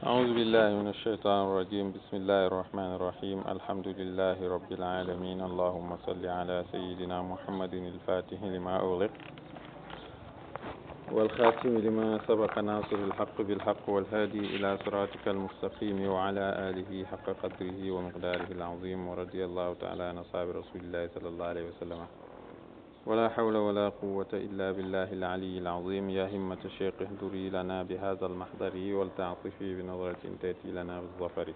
أعوذ بالله من الشيطان الرجيم بسم الله الرحمن الرحيم الحمد لله رب العالمين اللهم صل على سيدنا محمد الفاتح لما أغلق والخاتم لما سبق ناصر الحق بالحق والهادي إلى صراطك المستقيم وعلى آله حق قدره ومقداره العظيم ورضي الله تعالى عن أصحاب رسول الله صلى الله عليه وسلم ولا حول ولا قوة إلا بالله العلي العظيم يا همة الشيخ اهدري لنا بهذا المحضر والتعطفي بنظرة تأتي لنا بالظفر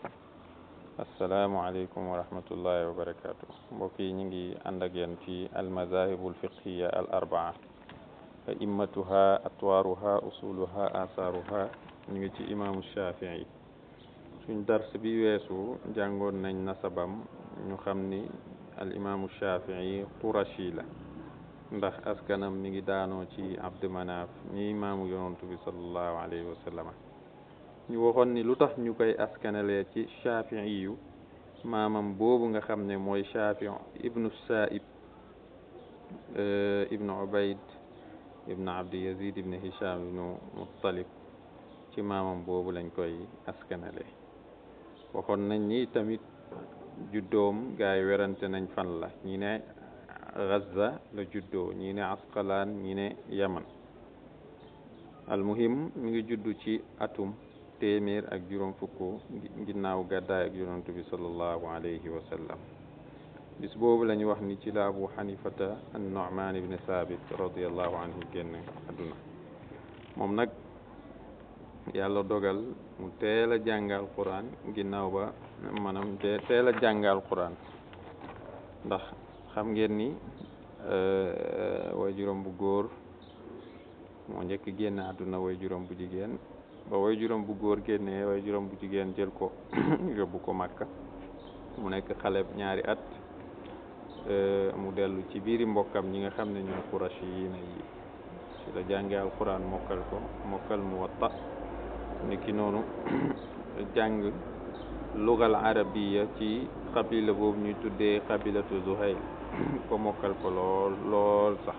السلام عليكم ورحمة الله وبركاته وفي نجي عندك يعني في المذاهب الفقهية الأربعة أئمتها أطوارها أصولها آثارها نجي إمام الشافعي في درس bi weesu jàngoon nañ نخمني الإمام الشافعي قرشيلا ndax askanam mi ngi daanoo ci abdu manaaf ñi maamu yonantu bi sallallahu alayhi wa ñu woxoon ni lu tax ñu koy askanalee ci shafii yu maamam boobu nga xam ne mooy shafii ibnu saib euh, ibnu ubayd ibnu abdi yazid ibnu hisham ibnu muttalib ci maamam boobu lañ koy askanale waxoon nañ ni tamit juddoom gaay werante nañ fan la ñi ne Gaza la juddoo ñi ne Asqalaan ñi ne Yaman almuhim mi ngi juddu ci atum téeméer ak juróom fukk ginnaaw gàddaay ak yonantu bi sallallahu alayhi wa sallam bis wax ni ci la Abu Xanifata an-Nu'man ibn Sabit radiallahu anhu génn àdduna moom nag yàlla dogal mu teel a jàngal Qur'an ginnaaw ba maanaam teel a jàngal Qur'an ndax xam ngeen ni euh, way juróom bu góor moo njëkk génn àdduna way juróom bu jigéen ba way juróom bu góor génnee way juróom bu jigéen jël ko yóbbu ko màkka mu nekk xale ñaari at euh, mu dellu ci biiri mbokkam ñi nga xam ne ñoo kurashi yi na yi ci la jànge alquran mokkal ko mokkal mu watta ni ki noonu jàng lugal arabiya ci xabila boobu ñuy tuddee xabilatu zuhayl ko mokkal ko lool lool sax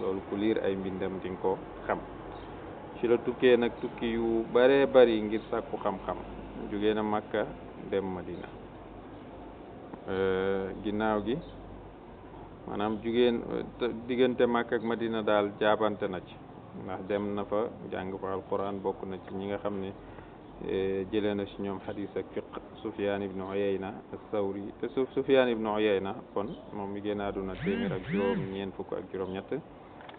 loolu ku liir ay mbindam di nga ko xam ci la tukkee nag tukki yu bare bari ngir sàkku xam-xam jóge na Makka dem Madina eh, ginnaaw gi maanaam jugeen eh, diggante Makka ak Madina daal jaabante na ci ndax dem na fa jàng fa alquran bokk na ci ñi nga xam ne jëlee na ci ñoom xadis ak fiq Sufyaan ibnu Uyayna as-Sawri Sufyaan ibnu Uyayna kon moom mi génn àdduna téeméer ak juróom fukk ak juróom-ñett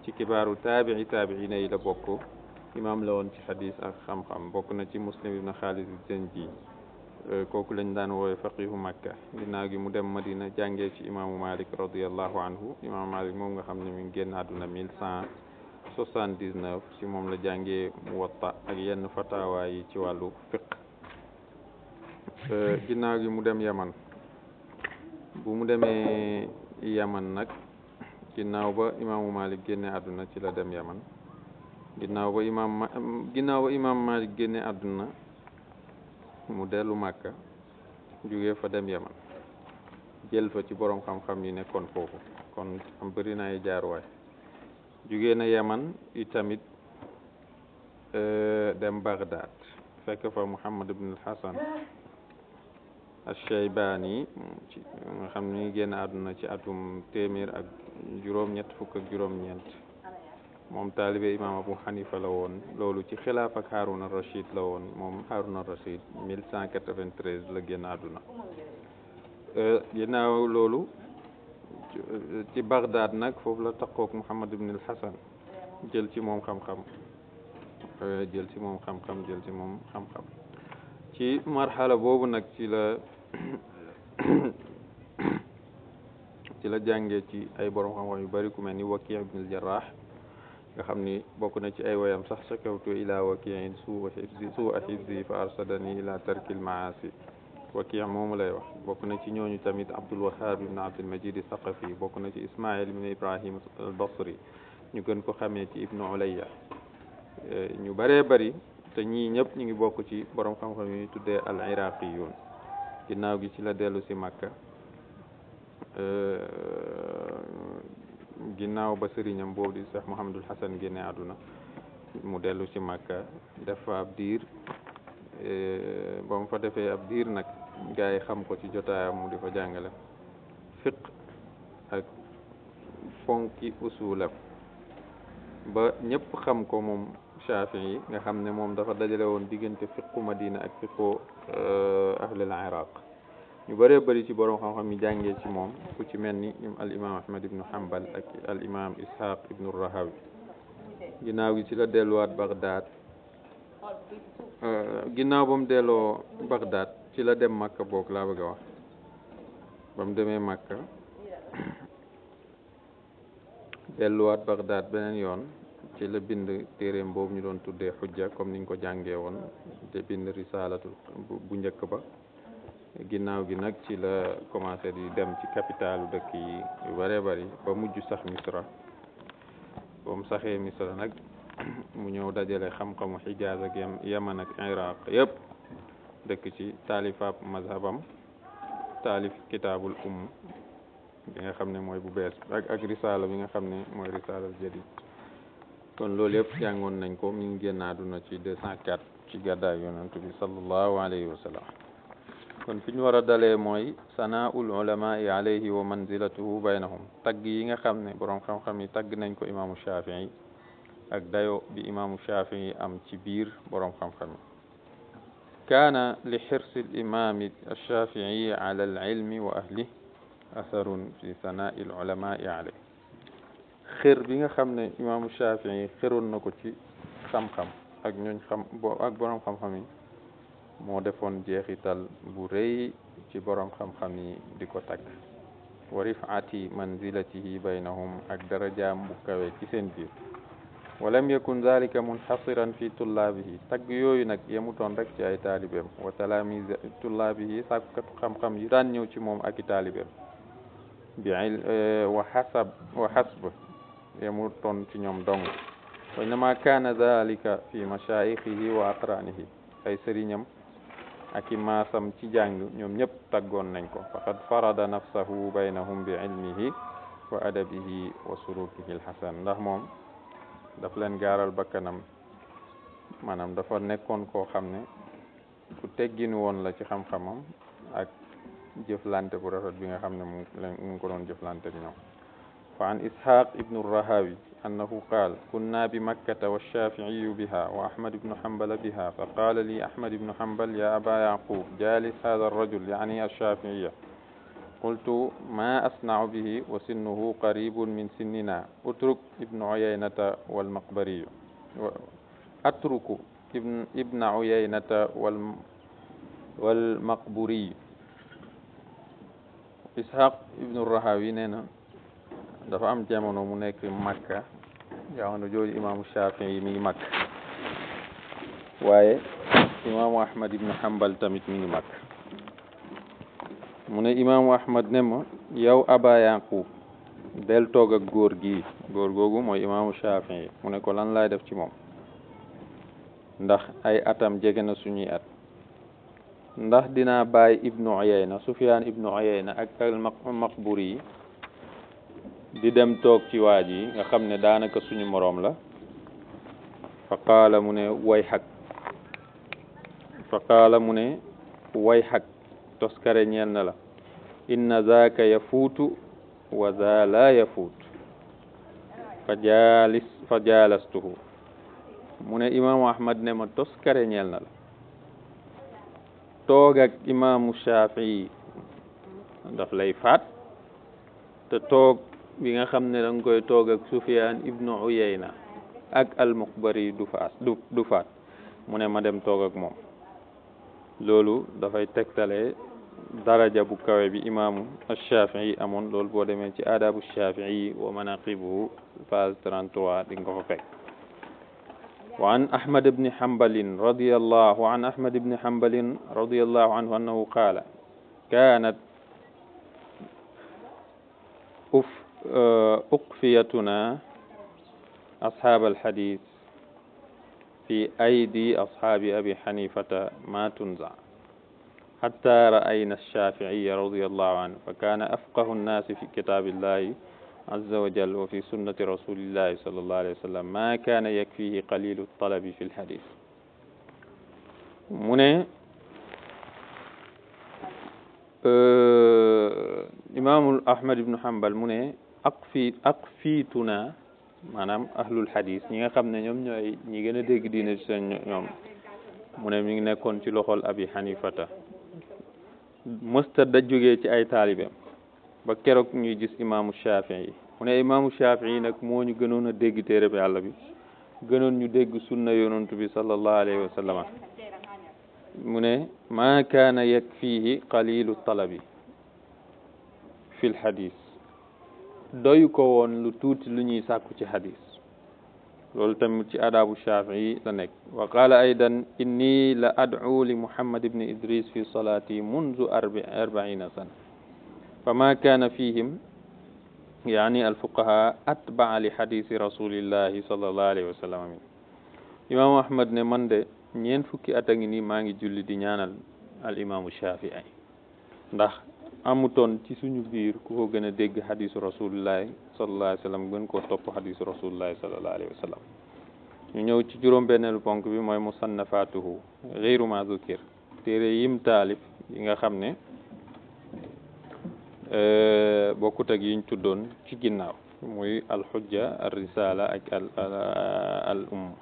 ci kibaaru taabi'i taabi'iina yi la bokk imaam la woon ci xadis ak xam-xam bokk na ci Muslim ibnu Xaalid Zanji kooku lañ daan woowe faqihu Makka ginnaaw gi mu dem Madina jàngee ci imaamu Malik radiyallahu anhu imaamu Malik moom nga xam ne mi ngi génn àdduna mille cent 79 ci moom la jàngee Muwatta ak yenn fataawaay yi ci wàllu fiq euh, ginnaaw gi mu dem Yaman bu mu demee Yaman nag ginnaaw ba imaamu Malik génne àdduna ci la dem Yaman ginnaaw ba imaam mm, Malik génne àdduna mu dellu Màkka jóge fa dem Yaman jël fa ci boroom xam-xam yi nekkoon foofu kon am bëri na ay jaaruwaay jugee na yaman itamit euh, dem Bagdad fekk fa Muhammad ibn al-Hasan ash-Shaybani ci nga xam ni génn àdduna ci atum téeméer ak juróom-ñett fukk ak moom taalibe imaam Abu Hanifa la woon loolu ci xilaaf ak Harun ar-Rashid la woon moom Harun ar-Rashid la génn àdduna euh, ginnaaw loolu تي بغداد نك فوف لا محمد بن الحسن جلتي موم خم خم أه، جلتي موم خم خم جلتي موم خم خم تي مرحلة بوب نك تي لا تي لا جانجي تي اي بروم خم خم يباري كماني وكيع بن الجراح خمني بوكو نتي اي ويام صح سكوتو الى وكيع سوء حفظي سوء حفظي فارصدني الى ترك المعاصي Waki' moomu lay wax bokk na ci ñooñu tamit Abdul Wahhab ibn Abdul Majid Saqafi bokk na ci Ismail ibn Ibrahim al-Basri ñu gën ko xamee ci Ibnu Ulayya ñu bëree bari te ñii ñëpp ñu ngi bokk ci borom xam-xam yi ñu tuddee al-Iraqiyun ginnaaw gi ci la dellu si Makka ginnaaw ba sëriñam boobu di Cheikh Mouhamadul Hasan génne àdduna mu dellu si Makka def fa ab diir ba mu fa defee ab diir nag gaa yi xam ko ci jotaayam mu di fa jàngale fiq ak fonki usulam ba ñëpp xam ko moom Shaafi yi nga xam ne moom dafa dajale woon diggante fiqu Madina ak fiqu euh, ahlul Iraq ñu bëree bari ci borom xam-xam yi jàngee ci moom ku ci mel ni al imam Ahmad ibnu Hanbal ak al imam Ishaq ibnu Rahawi ginnaaw gi ci la delluwaat Baghdad euh, ginnaaw ba mu delloo Baghdad ci la dem Makka boog laa bëgg wax ba mu demee Makka delluwaat Bagdaad beneen yoon ci la bind téeréem boobu ñu doon tuddee xujja comme ni niñ ko jànge woon te bind risaalatu bu njëkk ba ginnaaw gi nag ci la commencé di dem ci capitalu dëkk yi yu bare bari ba mujj sax Misra ba mu saxee Misra nag mu ñëw dajale xam-xamu Xijaaz ak Yaman ak Iraq yëpp دك شي تاليف مذهبم تاليف كتاب الام بيغا خامني موي بو بيس رساله بيغا خامني موي رساله جديد كون لول ييب جانغون نانكو مين генا دونا شي 204 شي غدا يونتو بي صلى الله عليه وسلم كون فين ورا دالي موي سناء العلماء عليه ومنزلته بينهم تاغ ييغا خامني بروم خام خامي تاغ نانكو امام الشافعي اك دايو الشافعي ام شي بير بروم خام كان لحرص الإمام الشافعي على العلم وأهله أثر في ثناء العلماء عليه خير بيغا خامن إمام الشافعي خير نكو تي خام خام اك نون خام بو اك بوروم خام خامي مو ديفون جيخيتال بو ري تي بوروم خام خامي ديكو تاك ورفعتي منزلته بينهم اك درجه مكوي تي سين بير ولم يكن ذلك منحصرا في طلابه تك يوي نك يموتون رك سي اي طالبهم وتلاميذ طلابه ساك كات خام خام نيو سي موم اكي طالبهم بعل آه، وحسب وحسب يموتون سي نيوم دون وانما كان ذلك في مشايخه واقرانه اي سرينم اكي ما سام سي جانغ نيوم نيب تاغون نانكو فقد فرض نفسه بينهم بعلمه وادبه وسلوكه الحسن ده daf leen gaaral bakkanam maanaam dafa nekkoon koo xam ne ku teggin woon la ci xam-xamam ak jëflante bu rafet bi nga xam ne mu ngi ko doon jëflante ak ñoom fa an ishaq ibnu rahawi annahu qaal kunna bi makkata wa shafiiyu biha wa ahmad ibnu hambala biha fa qaala li ahmad ibnu hambal ya aba yaqub jalis hada arrajul yaani alshafiiya قلت ما أصنع به وسنه قريب من سننا أترك ابن عيينة والمقبري أترك ابن, ابن عيينة والمقبري إسحاق ابن الرهاوي نينا دفع أم جامعنا منك مكة جامونو جوج إمام الشافعي من مكة وإمام أحمد بن حنبل تمت من مكة mu ne imaamu ahmad ne ma yow aba yaqub del toog ak góor gi góor googu mooy imaamu shafii mu ne ko lan laay def ci moom ndax ay atam jege na suñuy at ndax dinaa bàyyi ibnu uyayna sufyaan ibnu uyayna ak al maqburi yi di dem toog ci waaj yi nga xam ne daanaka suñu moroom la fa qaala mu ne way xag fa qaala mu ne way xag toskare ñeel na la inna zaaka yafuutu wa za la yafuut fa jaalastuhu mu ne imaamu ahmad ne ma toskare ñeel na la toog ak imaamu daf lay faat te toog bi nga xam ne danga koy toog ak sufyaan ibnu uyayna ak almuqbari du du faat mu ne ma dem toog ak moom loolu dafay tegtale daraja bu kawe bi imaamu Shafii amoon loolu boo demee ci aadaabu Shafii wa manaqibuhu page 33 di nga ko fa fekk وعن أحمد بن حنبل رضي الله عن أحمد بن حنبل رضي الله عنه أنه قال كانت أف أقفيتنا أصحاب الحديث في أيدي أصحاب أبي حنيفة ما تنزع حتى رأينا الشافعي رضي الله عنه فكان أفقه الناس في كتاب الله عز وجل وفي سنة رسول الله صلى الله عليه وسلم ما كان يكفيه قليل الطلب في الحديث من آه، إمام أحمد بن حنبل من أقفي أقفيتنا maanaam ahlul hadis ñi nga xam ne ñoom ñooy ñi gën a dégg diine ci seen ñoom mu ne mi ngi nekkoon ci loxol abi hanifata mësta da jógee ci ay taalibeem ba keroog ñuy gis imaamu shafii yi mu ne imaamu shafii yi nag moo ñu gënoon a dégg téereb yàlla bi gënoon ñu dégg sunna yonantu bi sallallahu alayhi wa sallama mu ne ma kaana yakfihi qalilu talabi fi lhadis وقال ko won lu tuti lu ñuy sakku ci hadith منذ 40 سنه فما كان فيهم يعني الفقهاء اتبع لحديث رسول الله صلى الله عليه وسلم امام احمد نه دي نين فكي اتاغي ني ماغي جولي الامام الشافعي amutoon ci suñu biir ku ko gën a dégg xadisu rasulillahi sallallahu alayhi wa sallam gën koo topp xadisu rasulillahi sallallahu alayhi wa sallam ñu ñëw ci juróom-benneelu ponk bi mooy musannafatuhu xeyru ma zukir téere yim taalif yi nga xam ne euh, bokkut ak yiñ tuddoon ci ginnaaw muy alxujja al risala ak al al umm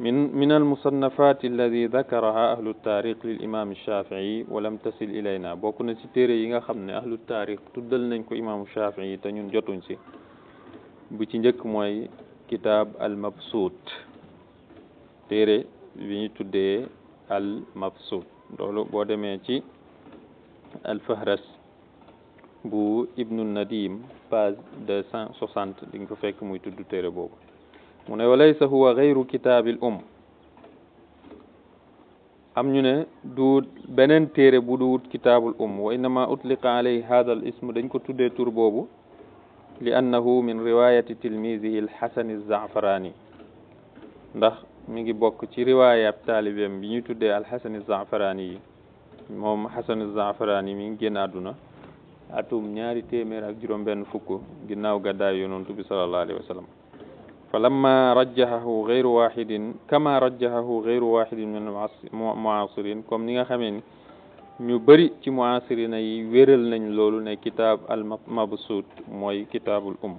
من من المصنفات الذي ذكرها أهل التاريخ للإمام الشافعي ولم تصل إلينا بوكنا سيتيري ييغا خامني أهل التاريخ تودل نانكو إمام الشافعي تا ñun jotuñ ci bu ci njëkk mooy kitaab al mabsuut téere bi ñu tuddee al mabsuut loolu boo demee ci al fahras bu ibnu nadim page deux cent soixante di nga ko fekk muy tudd téere boobu mu ne walaysa huwa gayru kitaabil um am ñu ne du beneen téere bu duwut kitaabul um wa innama utliqa alayhi hada al ism dañ ko tuddee tur boobu li annahu min riwayati tilmisihi alxasani alzafarani ndax mi ngi bokk ci riwaaya ab taalibeem bi ñuy tuddee alxasani alzafarani yi moom xasan alzafarani mi ngi génn àdduna atum ñaari téeméer ak juróom benn fukk ginnaaw gàddaay yonontu bi salallahu alayhi wa sallam فلما رجحه غير واحد كما رجحه غير واحد من المعاصرين كم نيغا خامي ñu bari ci muasirina yi wéral nañ loolu ne kitaab al mabsuut mooy kitaabul um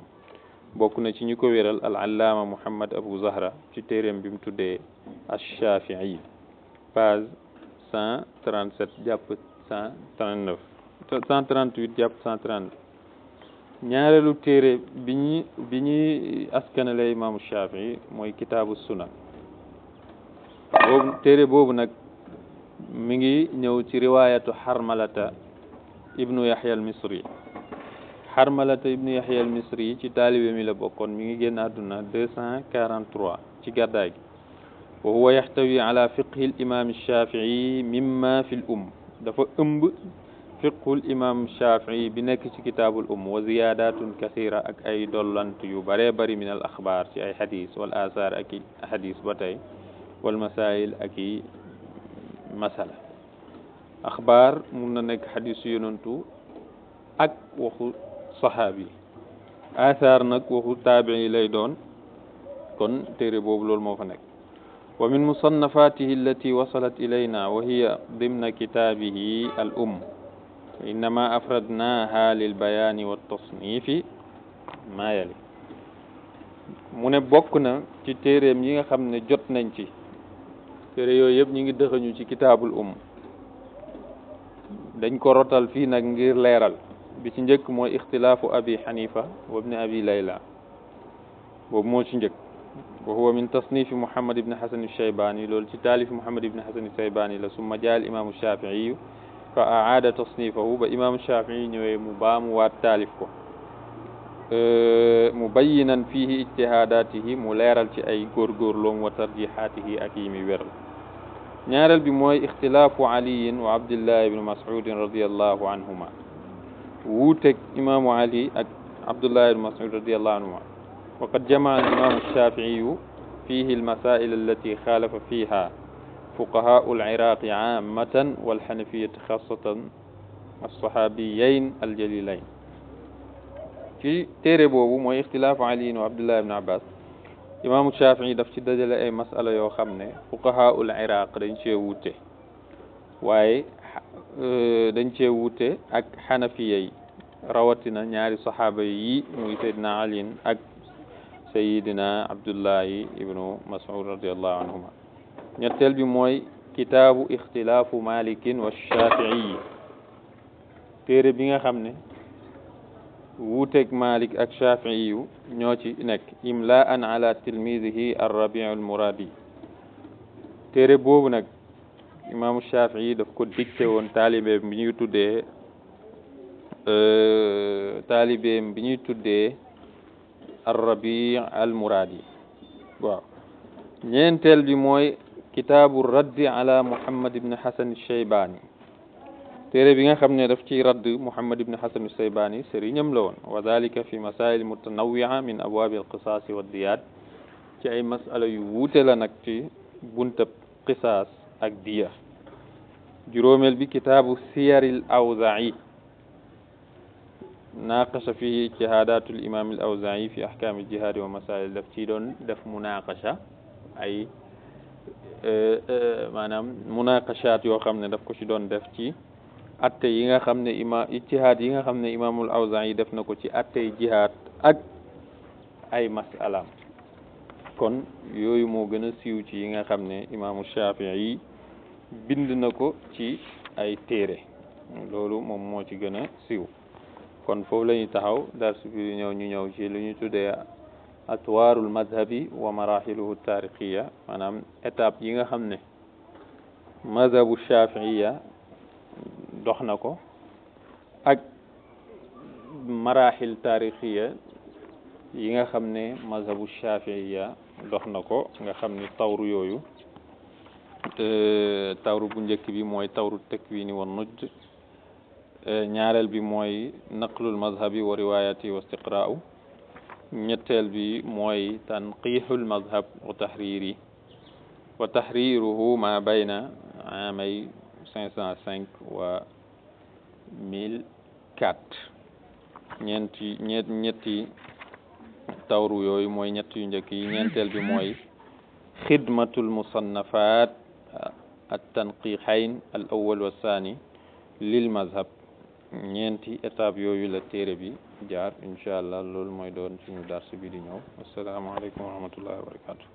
bokk na ci ñu ko wéral al allaama muhammad abu zahra ci téeréem bi mu tuddee ashafii page cent trente sept jàpp cent trente neuf cent trente huit jàpp cent trente ñaareelu téere bi ñi bi ñuy askanale imaamu Shafii mooy kitaabu sunan boobu téere boobu nag mi ngi ñëw ci riwaayatu xarmalata ibnu Yaxya al Misri xarmalata ibnu Yaxya al Misri ci taalibe mi la mi ngi génn àdduna deux cent ci gàddaay gi wa huwa yaxtawi ala fiqhi al imaam Shafii mimma fi l فقه الإمام الشافعي بنكش كتاب الأم وزيادات كثيرة أك أي دولان تيوباري باري من الأخبار في أي حديث والآثار أكي حديث بطي والمسائل أكي مسألة أخبار من نك حديث ينونتو أك وخو صحابي آثار نك وخو تابعي ليدون كن تيري بوبلو الموفنك ومن مصنفاته التي وصلت إلينا وهي ضمن كتابه الأم إنما أفردناها للبيان والتصنيف ما يلي من بوكنا تي تيريم ييغا خامن جوت نانتي تيري يوي ييب نيغي دخانيو سي كتاب الأم دنج كو روتال في نا غير ليرال بي سي نجيك مو اختلاف أبي حنيفة وابن أبي ليلى بوب مو سي نجيك وهو من تصنيف محمد بن حسن الشيباني لول تي تاليف محمد بن حسن الشيباني لا ثم جاء الإمام الشافعي فأعاد تصنيفه بإمام الشافعي ومبام والتالفه أه، مبينا فيه اجتهاداته مليرالت أي غرغر لوم وترجيحاته أكيم ورل نيرال بموي اختلاف علي وعبد الله بن مسعود رضي الله عنهما ووتك إمام علي عبد الله بن مسعود رضي الله عنهما وقد جمع الإمام الشافعي فيه المسائل التي خالف فيها فقهاء العراق عامة والحنفية خاصة الصحابيين الجليلين في تيربو مو اختلاف علي وعبد الله بن عباس امام الشافعي دفت دجل اي مسألة يو خمني فقهاء العراق دنشي ووته واي دنشي ووته اك حنفيه روتنا نياري صحابي مو سيدنا علي اك سيدنا عبد الله بن مسعود رضي الله عنهما ñetteel bi mooy kitaabu ixtilaafu malikin wa shaafi'i téere bi nga xam ne wuuteeg malik ak shaafi'i ñoo ci nekk imlaan ala tilmidihi arrabiu almuradi téere boobu nag imaamu shaafi'i daf ko dicté woon taalibeem bi ñuy tuddee euh, taalibeem bi ñuy tuddee arrabi almuradi waaw ñeenteel bi mooy كتاب الرد على محمد بن حسن الشيباني تيري بيغا خامني داف رد محمد بن حسن الشيباني سيري لون وذلك في مسائل متنوعه من ابواب القصاص والديات تي اي مساله يو ووتي لا نك تي بونت قصاص اك ديا جروميل بي كتاب سير الاوزعي ناقش فيه اجتهادات الامام الاوزعي في احكام الجهاد ومسائل دفتي دون دف مناقشه اي E, e, maanaam munaqashaat yoo xam ne daf ko ci doon def ci atte yi nga xam ne ima ijtihaad yi nga xam ne imaamul Awzaa'i yi def na ko ci attey jihaad ak ay masalaam kon yooyu moo gën a siiw ci yi nga xam ne imaamu Shaafi'i yi bind na ko ci ay téere loolu moom moo ci gën a siiw kon foofu la ñuy taxaw dars bi ñu ñëw ci li ñu tuddee أطوار المذهبي ومراحله التاريخية أنا أتاب ينغا خمني مذهب الشافعية دخنكو أك مراحل تاريخية ينغا خمني مذهب الشافعية دخنكو ينغا خمني طور يويو طور بنجك بي موي طور التكويني والنجد أه، نعرل بي موي نقل المذهبي ورواياتي واستقراؤه نتل بي موي تنقيح المذهب وتحريري وتحريره ما بين عامي 505 و 1004 نتي تورو يوي موي نتي نجكي نتل بي موي خدمة المصنفات التنقيحين الأول والثاني للمذهب نتي اتاب يوي لتيري jaar incha allah loolu mooy doon suñu dars bi di ñëw asalaamaaleykum wa rahmatullahi wa barakaatu.